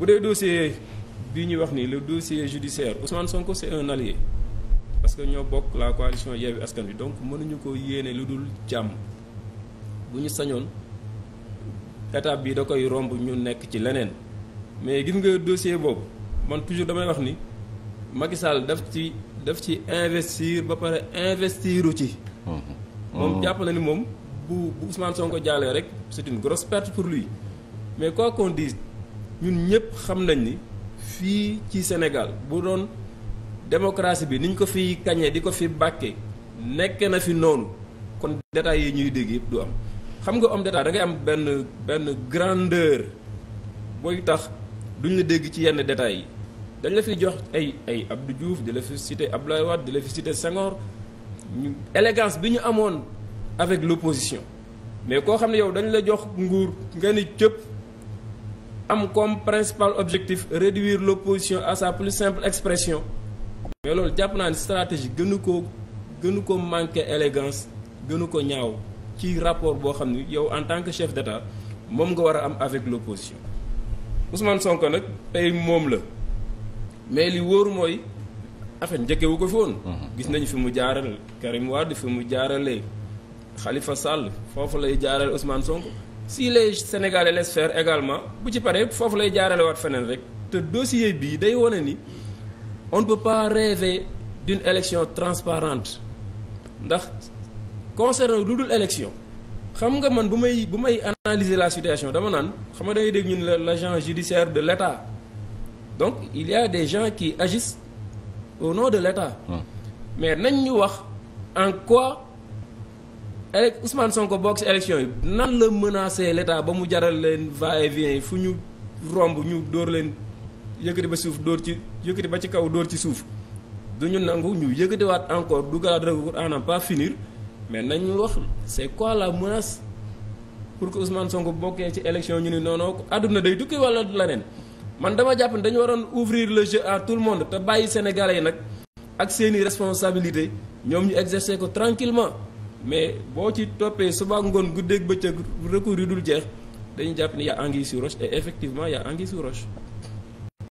bu dee dossier bii ñuy wax nii le dossier judiciaire Ousmane Sonko c'est un allié parce que ñoo bokk la coalition Yewwi Askan Wi donc mënuñu ko yéene lu dul jàmm bu ñu sañoon étape bi da koy romb ñu nekk ci leneen mais gis nga dossier boobu man toujours damay wax ni Macky Sall daf ci daf ci investir ba pare investiru ci. moom jàpp na ni moom bu bu Ousmane Sonko jàllee rek c'est une grosse perte pour lui mais quoi qu'on dise. ñun ñëpp xam nañ ni fii ci Sénégal bu doon démocratie bi niñ ko fi kañee di ko fi bàkkee nekk na fi noonu kon détails yi ñuy dégg yëpp du am xam nga om d'état dangay am benn benn grandeur booy tax duñ la dégg ci yenn détails yi dañ la fi jox ay ay Abdou juuf di la fi cité Abdoulaye Wade di la fi cité Senghor ñu bi ñu amoon avec l'opposition mais koo xam ne yow dañ la jox nguur nga ni cëpp am comme principal objectif réduire l'opposition à sa plus simple expression mais loolu jàpp naa ne stratégie gënu ko gënu ko manqué élégance gënu ko ñaaw ci rapport boo xam ni yow en tant que chef d'État moom nga war a am avec l'opposition Ousmane Sonko nag tey moom la mais li wóor mooy affaire njëkkewu ko fi woon mhm. gis nañu fi mu jaaral Karim Wade fi mu jaaralee xalifa Sall foofu lay jaarale Ousmane Sonko ci les Sénégalais laissent faire également bu ci paree foofu lay jaarale waat feneen rek te dossier bii day wane ni on ne peut pas rêver d'une élection transparente ndax concernant lu dul élection xam nga man bu may bu may analyser la situation dama naan xam nga dangay dégg ñun l' agent judiciaire de l' donc il y a des gens qui agissent au nom de l' état mais nañ wax en quoi ele Ousmane Sonko bokk ci élection yi nan la menacer l'état ba mu jaral leen va et yi fu ñu romb ñu dóor leen yëkkati ba suuf dóor ci yëkkati ba ci kaw dóor ci suuf duñu nangu ñu yëkkatiwaat encore dugalaat recours à n'en pas finir mais nañu wax c'est quoi la menace pour que Ousmane Sonko bokkee ci élection ñu ni noonu àdduna day tukki wala leneen man dama jàpp ne dañu waroon ouvrir le jeu à tout le monde te bàyyi Sénégalais yi nag ak seeni responsabilité ñoom ñu exercer ko tranquillement mais boo ci toppee suba ngoon gu guddeeg bëccëg recours yi dul jeex dañu jàpp ni y' a roche et effectivement y' a anguille roche.